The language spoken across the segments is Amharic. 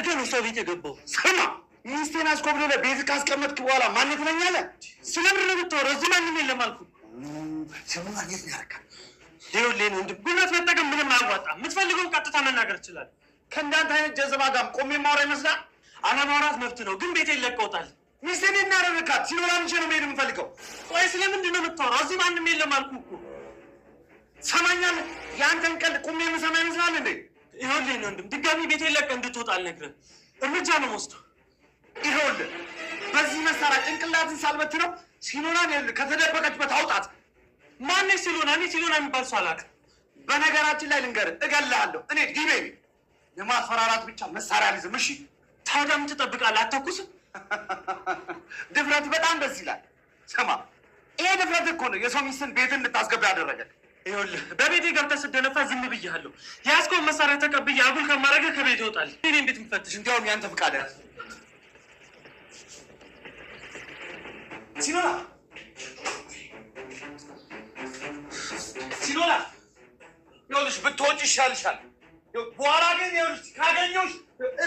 አድርገህ ነው ሰው ቤት የገባው። ሰማ ሚስቴን አስኮብለለ ቤት ካስቀመጥክ በኋላ ማን ትለኛለ? ስለምንድን ነው የምታወራው? እዚህ ማንም የለም አልኩህ። ስሙ ማግኘት ነው ያደርጋል። ሌሎሌን ወንድም ጉልበት መጠቀም ምንም አያዋጣ። የምትፈልገውን ቀጥታ መናገር ይችላል። ከእንዳንተ አይነት ጀዘባ ጋር ቆሜ ማውራ ይመስላል። አለማውራት መብት ነው፣ ግን ቤት ይለቀውታል። ሚስቴን እናደረካት ሲኖራ ምቼ ነው ሄድ የምፈልገው። ቆይ ስለምንድን ነው የምታወራው? እዚህ ማንም የለም አልኩህ እኮ ሰማኛለህ። የአንተን ቀልድ ቁሜ የምሰማ ይመስላል እንዴ? ይኸውልህ ነው ወንድም፣ ድጋሚ ቤት ለቀህ እንድትወጣ አልነግርህም። እርምጃ ነው የምወስደው። ይኸውልህ በዚህ መሳሪያ ጭንቅላትን ሳልበትነው ነው ከተደበቀችበት አውጣት። ማነች እኔ የሚባል ሰው አላውቅም። በነገራችን ላይ ልንገርህ፣ እገልሃለሁ። እኔ ዲቤ ለማስፈራራት ብቻ መሳሪያ እሺ ታዲያ ምን ትጠብቃለህ? ድፍረት በጣም ደስ ይላል። ስማ፣ ይሄ ድፍረት እኮ ነው የሰው ሚስትን ቤት እንድታስገባ ያደረገል ይኸውልህ በቤቴ ገብተህ ስደነፋ ዝም ብያለሁ። የያዝከውን መሳሪያ ተቀብዬ አጉል ከማድረግህ ከቤት ይወጣል። እኔን ቤት ምፈትሽ እንዲያውም ያንተ ፈቃድ ያዝ። ሲኖላ ሲኖላ፣ ይኸውልሽ ብትወጪ ይሻልሻል። በኋላ ግን ይኸውልሽ ካገኘሁሽ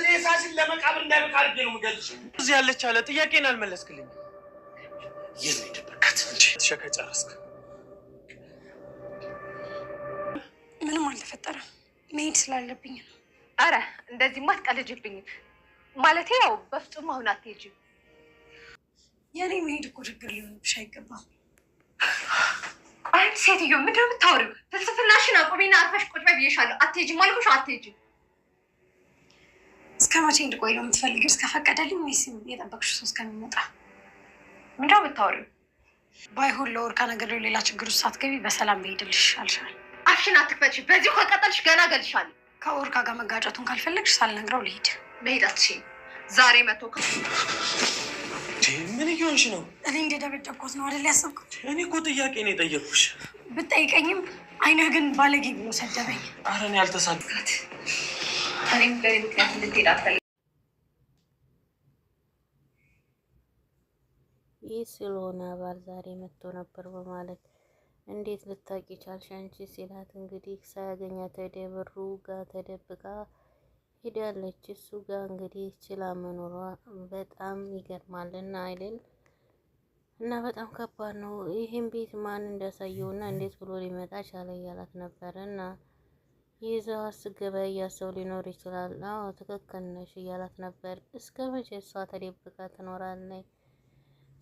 ሬሳሽን ለመቃብር እንዳይበቃ አድርጌ ነው የምገልሽ። እዚህ ያለች አለ ጥያቄን አልመለስክልኝ። የት ነው የደበቃት እንጂ ትሸከ ጨረስክ ተፈጠረ? መሄድ ስላለብኝ ነው። አረ እንደዚህ አትቀልጅብኝም። ማለቴ ያው በፍጹም አሁን አትሄጂም። የኔ መሄድ እኮ ችግር ሊሆንብሽ አይገባም። አንድ ሴትዮ ምንድን ነው የምታወሪው? ፍልስፍናሽን አቁሚና አርፈሽ ቁጭ በይ ብዬሻለሁ። አትሄጂም አልኩሽ፣ አትሄጂም። እስከ መቼ እንድቆይ ነው የምትፈልጊው? እስከፈቀደልኝ ወይስ ሰው እስከሚመጣ? ምንድን ነው የምታወሪው? ባይሆን ለወርቃ ነገር ሌላ ችግር ውስጥ ሳትገቢ በሰላም መሄድልሽ ይሻልሻል። አፍሽን አትክፈች። በዚሁ ከቀጠልሽ ገና ገልሻለሁ። ከወርቃ ጋር መጋጨቱን ካልፈለግሽ ሳልነግረው ልሂድ። መሄድ አትችይም። ዛሬ መቶ ምን እየሆንሽ ነው? እኔ እንደ እንደደበደብኩት ነው አይደል ያሰብኩት? እኔ እኮ ጥያቄ ነው የጠየቅኩሽ። ብጠይቀኝም አይነ ግን ባለጌ ብሎ ሰደበኝ። ኧረ እኔ አልተሳድጋት እኔም በሌ ምክንያት እንድትሄድ አልፈልግም። ይህ ስለሆነ አባል ዛሬ መጥቶ ነበር በማለት እንዴት ልታቂ ቻልሽ አንቺ ሲላት እንግዲህ ሳያገኛት ደብሩ ጋር ተደብቃ ሄዳለች። እሱ ጋር እንግዲህ ችላ መኖሯ በጣም ይገርማል እና አይደል እና በጣም ከባድ ነው። ይህን ቤት ማን እንዳሳየው እና እንዴት ብሎ ሊመጣ ቻለ እያላት ነበረ እና ይዘው አስገባ እያሰው ሊኖር ይችላል። አዎ ትክክል ነሽ እያላት ነበር። እስከ መቼ እሷ ተደብቃ ትኖራለች?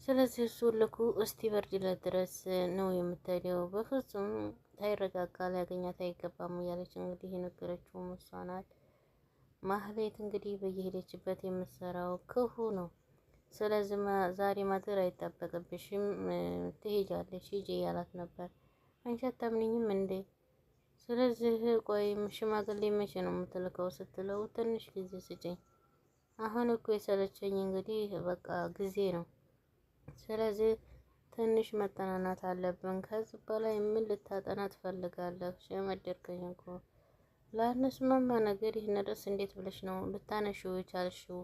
ስለዚህ እሱ ልኩ እስቲ በርድ ድረስ ነው የምትሄደው። በፍጹም ታይረጋጋ ሊያገኛት አይገባም እያለች እንግዲህ የነገረችው እሷ ናት። ማህሌት እንግዲህ በየሄደችበት የምትሰራው ክፉ ነው። ስለዚህ ዛሬ ማድር አይጠበቅብሽም ትሄጃለሽ፣ ሂጂ እያላት ነበር። አንቺ አታምንኝም እንዴ? ስለዚህ ቆይም ሽማግሌ መቼ ነው የምትልከው ስትለው፣ ትንሽ ጊዜ ስጭኝ፣ አሁን እኮ የሰለቸኝ እንግዲህ በቃ ጊዜ ነው ስለዚህ ትንሽ መጠናናት አለብን። ከዚህ በላይ ምን ልታጠና ትፈልጋለህ? ሸመደርከኝ እኮ ላነስማማ ነገር ይህን ርዕስ እንዴት ብለሽ ነው ልታነሺው የቻልሽው?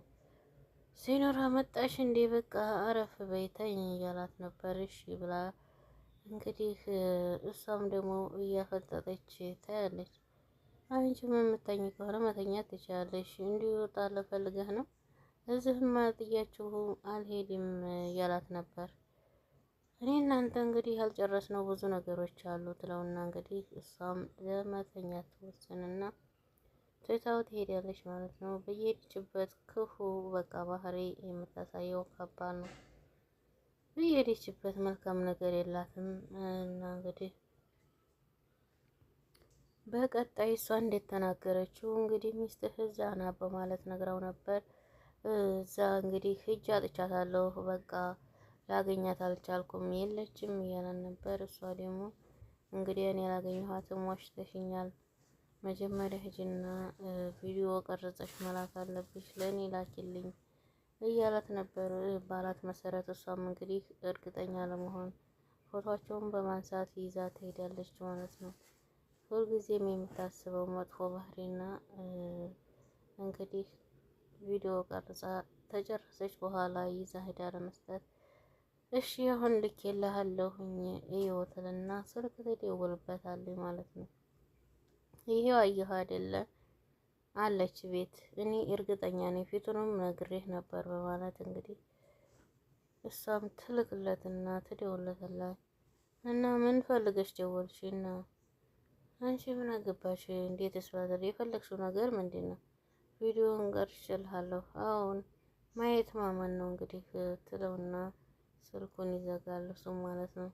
ሲኖራ መጣሽ እንዴ? በቃ አረፍ በይተኝ እያላት ነበር። እሺ ብላ እንግዲህ እሷም ደግሞ እያፈጠጠች ታያለች። አንቺ ምን የምታኝ ከሆነ መተኛት ትችላለሽ። እንዲሁ ወጣ ለፈልገህ ነው እዚህማ ጥያችሁ አልሄድም እያላት ነበር። እኔ እናንተ እንግዲህ ያልጨረስነው ብዙ ነገሮች አሉ ትለውና እንግዲህ እሷም ለመተኛት ትወስንና ትታው ትሄዳለች ማለት ነው። በየሄደችበት ክፉ በቃ ባህሪ የምታሳየው ከባድ ነው። በየሄደችበት መልካም ነገር የላትም እና እንግዲህ በቀጣይ እሷ እንደተናገረችው እንግዲህ ሚስትህ እዛ በማለት ነግራው ነበር። እዛ እንግዲህ ሂጅ አጥቻታለሁ፣ በቃ ላገኛት አልቻልኩም፣ የለችም እያለን ነበር። እሷ ደግሞ እንግዲህ እኔ ያላገኘኋትም ዋሽተሽኛል፣ መጀመሪያ ሂጂና ቪዲዮ ቀርጸሽ መላክ አለብሽ ለእኔ ላኪልኝ እያላት ነበር። ባላት መሰረት እሷም እንግዲህ እርግጠኛ ለመሆን ፎቶቸውን በማንሳት ይዛ ትሄዳለች ማለት ነው። ሁልጊዜም የምታስበው መጥፎ ባህሪና እንግዲህ ቪዲዮ ቀርጻ ተጨረሰች በኋላ ይዛ ሄዳ ለመስጠት እሺ አሁን ልኬልሃለሁኝ እየወትልና ስልክ ትደውልበታለች ማለት ነው። ይሄው አየሁ አይደለ አለች ቤት እኔ እርግጠኛ ነኝ ፊቱንም ነግሬህ ነበር በማለት እንግዲህ እሷም ትልክለትና ትደውልለታለች። እና ምን ፈልገሽ ደወልሽና አንቺ ምን አገባሽ? እንዴት ስባዘር የፈለግሽው ነገር ምንድን ነው? ቪዲዮን ቀርጬልሃለሁ። አሁን ማየት ማመን ነው እንግዲህ ትለውና ስልኩን ይዘጋል እሱም ማለት ነው።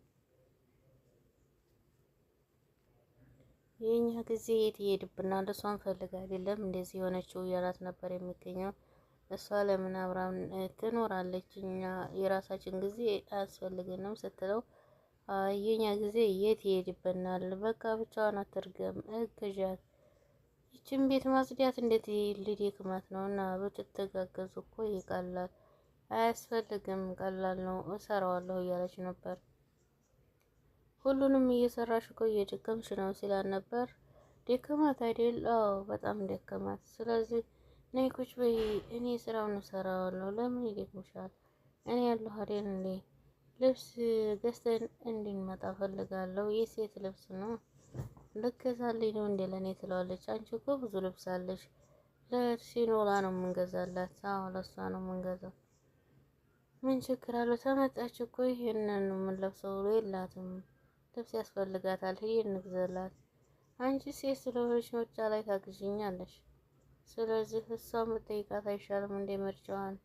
የኛ ጊዜ የት ይሄድብናል? እሷን ፈልግ አይደለም እንደዚህ የሆነችው እያላት ነበር የሚገኘው። እሷ ለምን አብራም ትኖራለች? እኛ የራሳችን ጊዜ አያስፈልገንም ስትለው የኛ ጊዜ የት ይሄድብናል? በቃ ብቻዋን አትርገም እግዣት ይችን ቤት ማጽዳት እንዴት ልደክማት ነው? እና ብትተጋገዙ እኮ ይቀላል። አያስፈልግም፣ ቀላል ነው፣ እሰራዋለሁ እያለች ነበር። ሁሉንም እየሰራሽ እኮ እየደከምሽ ነው ሲላል ነበር። ደከማት አይደል? አዎ በጣም ደከማት። ስለዚህ ነይ ቁጭ በይ፣ እኔ ስራውን እሰራዋለሁ። ለምን ይደክምሻል? እኔ ያለሁ አይደል እንዴ? ልብስ ገዝተን እንድንመጣ ፈልጋለሁ። የሴት ልብስ ነው ልገዛልኝ ነው እንዴ ለእኔ ትለዋለች። አንቺ እኮ ብዙ ልብስ አለሽ፣ ለሲኖላ ነው የምንገዛላት። አዎ ለእሷ ነው የምንገዛው። ምን ችግር አለው? ተመጣች እኮ ይህንን የምንለብሰው ብሎ የላትም ልብስ ያስፈልጋታል። ይህ እንግዛላት። አንቺ ሴት ስለሆነች ምርጫ ላይ ታግዥኛለሽ። ስለዚህ እሷ ምጠይቃት አይሻልም እንዴ ምርጫዋን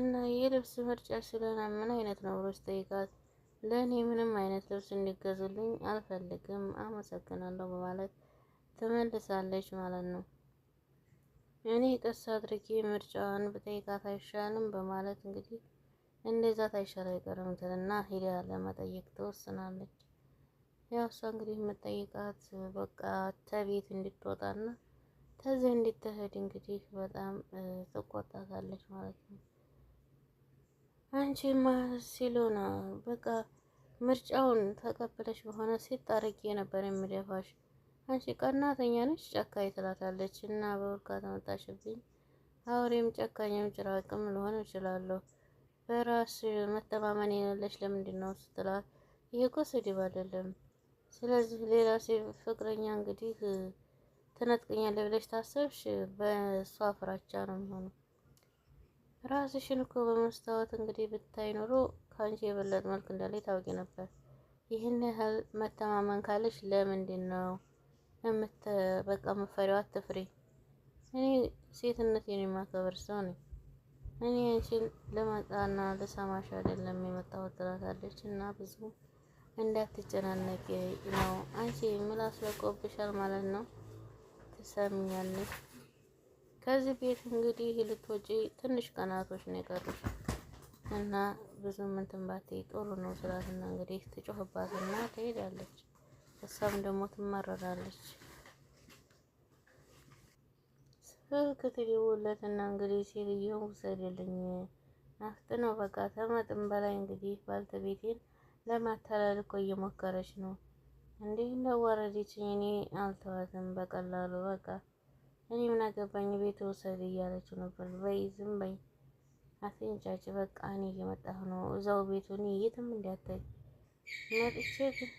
እና ልብስ ምርጫ ስለሆነ ምን አይነት ነው ብሎ ስጠይቃት ለእኔ ምንም አይነት ልብስ እንዲገዙልኝ አልፈልግም አመሰግናለሁ በማለት ትመልሳለች ማለት ነው። እኔ ቀስ አድርጌ ምርጫዋን ብጠይቃት አይሻልም በማለት እንግዲህ እንደዛ ታይሻል አይቀርም ትልና ሂዳ ለመጠየቅ ትወስናለች። ያው እሷ እንግዲህ የምጠይቃት በቃ ተቤት እንድትወጣና ተዚህ እንድትሄድ እንግዲህ በጣም ትቆጣታለች ማለት ነው። አንቺማ ሲሉ ነው በቃ ምርጫውን ተቀብለሽ በሆነ ሴት አርጌ ነበር የምደፋሽ። አንቺ ቀናተኛ ነች ጨካኝ ትላታለች። እና በውርካ ተመጣሽብኝ። አውሬም ጨካኝም ጭራቅም ልሆን እችላለሁ። በራስ መተማመን የሌለሽ ለምንድን ነው ስትላት፣ ይህ እኮ ስድብ አይደለም። ስለዚህ ሌላ ፍቅረኛ እንግዲህ ትነጥቅኛለህ ብለሽ ታሰብሽ፣ በእሷ ፍራቻ ነው የሚሆነው። ራስሽን እኮ በመስታወት እንግዲህ ብታይ ኖሮ ከአንቺ የበለጥ መልክ እንዳለ ታውቂ ነበር። ይህን ያህል መተማመን ካለሽ ለምንድን ነው በቃ መፈሪዋ? አትፍሪ። እኔ ሴትነቴን የማከብር ሰው ነኝ። እኔ አንቺን ልመጣና ልሰማሽ አይደለም የመጣሁት ትላታለች። እና ብዙ እንዳትጨናነቂ ነው። አንቺ ምላስ ለቆብሻል ማለት ነው። ትሰሚኛለሽ ከዚህ ቤት እንግዲህ ልትወጪ ትንሽ ቀናቶች ነው የቀሩት እና ብዙ እንትን ባትይ ጥሩ ነው ስላትና እንግዲህ ትጮህባትና ትሄዳለች። እሷም ደግሞ ትመረራለች። ስልክ ትደውልለትና እንግዲህ ሴትዮው ውሰድልኝ ነው በቃ ተመጥን በላይ እንግዲህ ባልተቤቴን ለማታለል እኮ እየሞከረች ነው። እንዲህ እንደወረደች እኔ አልተዋትም በቀላሉ በቃ እኔ ምን አገባኝ ቤት ውሰድ እያለችው ነበር። በይ ዝም በይ አትንጫጭ፣ በቃ እኔ እየመጣሁ ነው። እዛው እኔ የትም እንዳትሄድ መጥቼ ግን